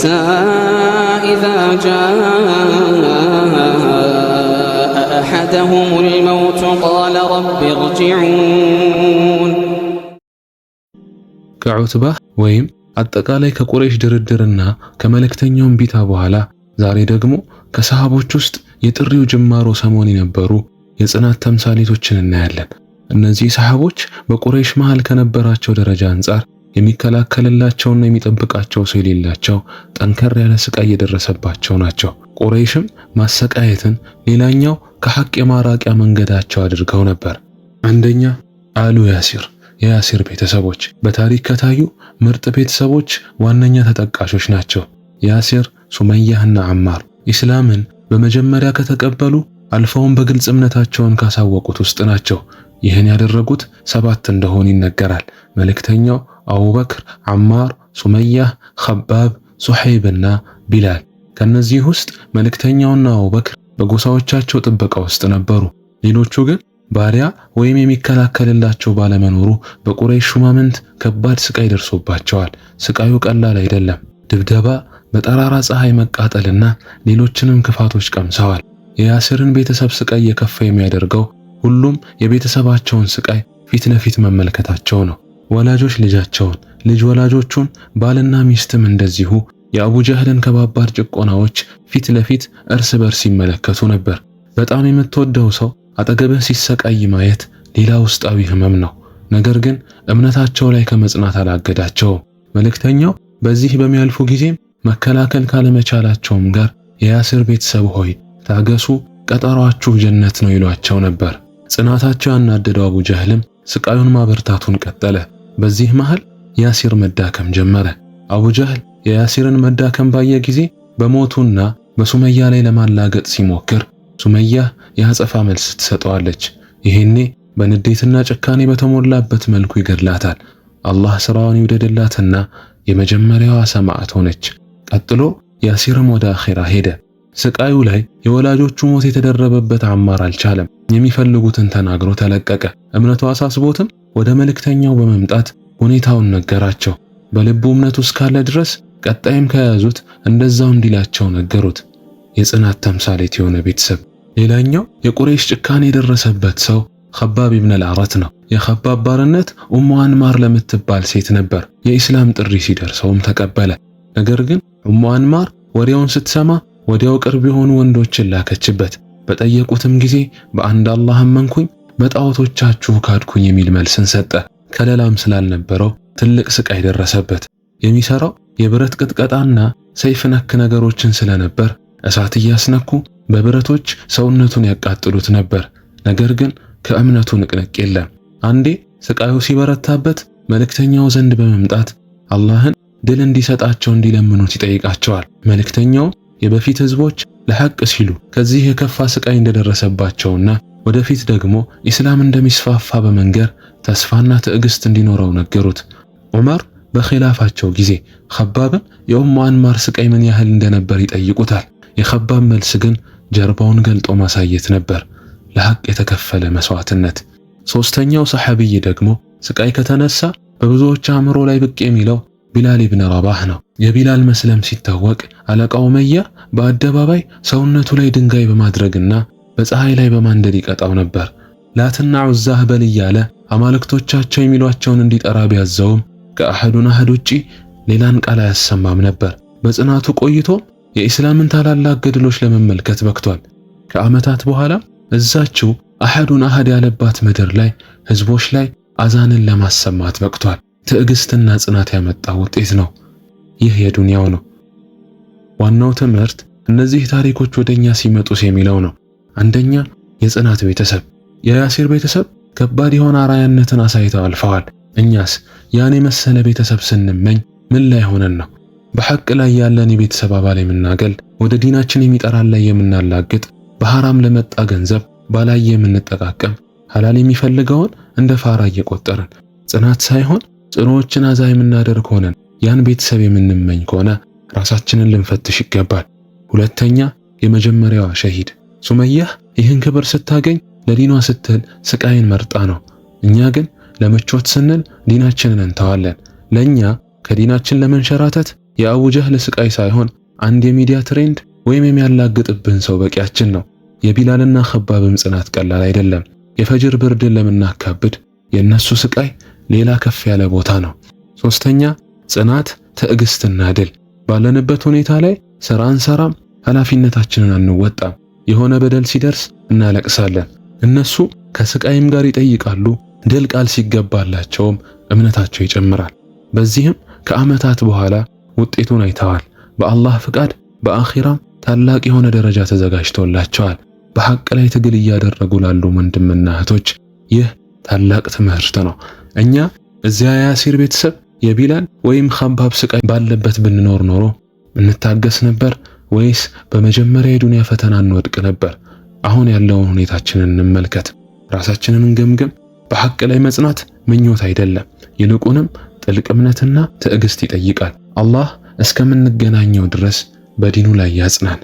حتى إذا جاء أحدهم الموت قال رب ارجعون كعتبة ويم አጠቃላይ ከቁረይሽ ድርድርና ከመልእክተኛው ቢታ በኋላ ዛሬ ደግሞ ከሰሃቦች ውስጥ የጥሪው ጅማሮ ሰሞን የነበሩ የጽናት ተምሳሌቶችን እናያለን። እነዚህ ሰሃቦች በቁረይሽ መሃል ከነበራቸው ደረጃ አንጻር የሚከላከልላቸውና የሚጠብቃቸው ሰው የሌላቸው ጠንከር ያለ ስቃይ የደረሰባቸው ናቸው። ቁረይሽም ማሰቃየትን ሌላኛው ከሐቅ የማራቂያ መንገዳቸው አድርገው ነበር። አንደኛ አሉ ያሲር የያሲር ቤተሰቦች በታሪክ ከታዩ ምርጥ ቤተሰቦች ዋነኛ ተጠቃሾች ናቸው። ያሲር፣ ሱመያህና አማር ኢስላምን በመጀመሪያ ከተቀበሉ አልፈውን በግልጽ እምነታቸውን ካሳወቁት ውስጥ ናቸው። ይህን ያደረጉት ሰባት እንደሆኑ ይነገራል። መልእክተኛው አቡበክር፣ አማር፣ ሱመያህ፣ ኸባብ፣ ሱሐይብና ቢላል። ከነዚህ ውስጥ መልእክተኛውና አቡበክር በጎሳዎቻቸው ጥበቃ ውስጥ ነበሩ። ሌሎቹ ግን ባሪያ ወይም የሚከላከልላቸው ባለመኖሩ በቁረይሽ ሹማምንት ከባድ ስቃይ ደርሶባቸዋል። ስቃዩ ቀላል አይደለም። ድብደባ፣ በጠራራ ፀሐይ መቃጠልና ሌሎችንም ክፋቶች ቀምሰዋል። የያስርን ቤተሰብ ስቃይ የከፋ የሚያደርገው ሁሉም የቤተሰባቸውን ስቃይ ፊት ለፊት መመልከታቸው ነው። ወላጆች ልጃቸውን፣ ልጅ ወላጆቹን፣ ባልና ሚስትም እንደዚሁ ጀህልን ከባባድ ጭቆናዎች ፊት ለፊት እርስ በርስ ይመለከቱ ነበር። በጣም የምትወደው ሰው አጠገብህ ሲሰቃይ ማየት ሌላ ውስጣዊ ህመም ነው። ነገር ግን እምነታቸው ላይ ከመጽናት አላገዳቸውም። መልእክተኛው በዚህ በሚያልፉ ጊዜም መከላከል ካለመቻላቸውም ጋር የያሲር ቤተሰብ ሆይ ታገሱ፣ ቀጠሯችሁ ጀነት ነው ይሏቸው ነበር። ጽናታቸው ያናደደው አቡ ጀህልም ስቃዩን ማበርታቱን ቀጠለ። በዚህ መሃል ያሲር መዳከም ጀመረ። አቡ ጀህል የያሲርን መዳከም ባየ ጊዜ በሞቱና በሱመያ ላይ ለማላገጥ ሲሞክር ሱመያ የአጸፋ መልስ ትሰጠዋለች። ይሄኔ በንዴትና ጭካኔ በተሞላበት መልኩ ይገድላታል። አላህ ስራዋን ይውደድላትና የመጀመሪያዋ ሰማዕት ሆነች። ቀጥሎ ያሲርም ወደ አኼራ ሄደ። ስቃዩ ላይ የወላጆቹ ሞት የተደረበበት አማር አልቻለም። የሚፈልጉትን ተናግሮ ተለቀቀ። እምነቱ አሳስቦትም ወደ መልእክተኛው በመምጣት ሁኔታውን ነገራቸው። በልቡ እምነቱ እስካለ ድረስ ቀጣይም ከያዙት እንደዛው እንዲላቸው ነገሩት። የጽናት ተምሳሌት የሆነ ቤተሰብ። ሌላኛው የቁሬሽ ጭካኔ የደረሰበት ሰው ኸባብ ኢብን አልአረት ነው። የኸባብ ባርነት ኡሙ አንማር ለምትባል ሴት ነበር። የኢስላም ጥሪ ሲደርሰውም ተቀበለ። ነገር ግን ኡሙ አንማር ወሬውን ስትሰማ ወዲያው ቅርብ የሆኑ ወንዶችን ላከችበት። በጠየቁትም ጊዜ በአንድ አላህ አመንኩኝ፣ በጣዖቶቻችሁ ካድኩኝ የሚል መልስን ሰጠ። ከለላም ስላልነበረው ትልቅ ስቃይ ደረሰበት። የሚሰራው የብረት ቅጥቀጣና ሰይፍ ነክ ነገሮችን ስለነበር እሳት እያስነኩ በብረቶች ሰውነቱን ያቃጥሉት ነበር። ነገር ግን ከእምነቱ ንቅንቅ የለም። አንዴ ስቃዩ ሲበረታበት መልእክተኛው ዘንድ በመምጣት አላህን ድል እንዲሰጣቸው እንዲለምኑት ይጠይቃቸዋል። መልእክተኛውም የበፊት ህዝቦች ለሐቅ ሲሉ ከዚህ የከፋ ስቃይ እንደደረሰባቸውና ወደፊት ደግሞ ኢስላም እንደሚስፋፋ በመንገር ተስፋና ትዕግስት እንዲኖረው ነገሩት። ዑመር በኺላፋቸው ጊዜ ኸባብን የኡሙ አንማር ስቃይ ምን ያህል እንደነበር ይጠይቁታል። የኸባብ መልስ ግን ጀርባውን ገልጦ ማሳየት ነበር፣ ለሐቅ የተከፈለ መስዋዕትነት። ሶስተኛው ሰሐቢይ ደግሞ ስቃይ ከተነሳ በብዙዎች አእምሮ ላይ ብቅ የሚለው ቢላል ኢብን ረባህ ነው። የቢላል መስለም ሲታወቅ አለቃው መያ በአደባባይ ሰውነቱ ላይ ድንጋይ በማድረግና በፀሐይ ላይ በማንደድ ይቀጣው ነበር። ላትና ዑዛህ በል እያለ አማልክቶቻቸው የሚሏቸውን እንዲጠራ ቢያዘውም ከአህዱን አህድ ውጪ ሌላን ቃል አያሰማም ነበር። በጽናቱ ቆይቶ የኢስላምን ታላላቅ ገድሎች ለመመልከት በቅቷል። ከዓመታት በኋላ እዛችው አህዱን አህድ ያለባት ምድር ላይ ህዝቦች ላይ አዛንን ለማሰማት በቅቷል። ትዕግስትና ጽናት ያመጣ ውጤት ነው። ይህ የዱንያው ነው። ዋናው ትምህርት እነዚህ ታሪኮች ወደኛ ሲመጡስ የሚለው ነው። አንደኛ የጽናት ቤተሰብ፣ የያሲር ቤተሰብ ከባድ የሆነ አራያነትን አሳይተው አልፈዋል። እኛስ ያን የመሰለ ቤተሰብ ስንመኝ ምን ላይ ሆነን ነው? በሐቅ ላይ ያለን የቤተሰብ አባል የምናገል፣ ወደ ዲናችን የሚጠራን ላይ የምናላግጥ፣ በሐራም ለመጣ ገንዘብ ባላይ የምንጠቃቀም፣ ሐላል የሚፈልገውን እንደ ፋራ እየቆጠርን ጽናት ሳይሆን ጽኖዎችን አዛ የምናደርግ ሆነን ያን ቤተሰብ የምንመኝ ከሆነ ራሳችንን ልንፈትሽ ይገባል። ሁለተኛ የመጀመሪያዋ ሸሂድ ሱመያህ ይህን ክብር ስታገኝ ለዲኗ ስትል ስቃይን መርጣ ነው። እኛ ግን ለምቾት ስንል ዲናችንን እንተዋለን። ለኛ ከዲናችን ለመንሸራተት የአቡ ጀህል ስቃይ ሳይሆን አንድ የሚዲያ ትሬንድ ወይም የሚያላግጥብን ሰው በቂያችን ነው። የቢላልና ከባብም ጽናት ቀላል አይደለም። የፈጅር ብርድን ለምናካብድ የእነሱ ስቃይ ሌላ ከፍ ያለ ቦታ ነው። ሶስተኛ ጽናት፣ ትዕግስትና ድል። ባለንበት ሁኔታ ላይ ሥራ አንሰራም፣ ኃላፊነታችንን አንወጣም። የሆነ በደል ሲደርስ እናለቅሳለን። እነሱ ከስቃይም ጋር ይጠይቃሉ። ድል ቃል ሲገባላቸውም እምነታቸው ይጨምራል። በዚህም ከዓመታት በኋላ ውጤቱን አይተዋል። በአላህ ፍቃድ በአኺራም ታላቅ የሆነ ደረጃ ተዘጋጅቶላቸዋል። በሐቅ ላይ ትግል እያደረጉ ላሉ ወንድምና እህቶች ይህ ታላቅ ትምህርት ነው። እኛ እዚያ የያሲር ቤተሰብ የቢላል ወይም ኸባብ ስቃይ ባለበት ብንኖር ኖሮ እንታገስ ነበር ወይስ በመጀመሪያ የዱንያ ፈተና እንወድቅ ነበር? አሁን ያለውን ሁኔታችንን እንመልከት፣ ራሳችንን እንገምግም። በሐቅ ላይ መጽናት ምኞት አይደለም፣ ይልቁንም ጥልቅ እምነትና ትዕግስት ይጠይቃል። አላህ እስከምንገናኘው ድረስ በዲኑ ላይ ያጽናን።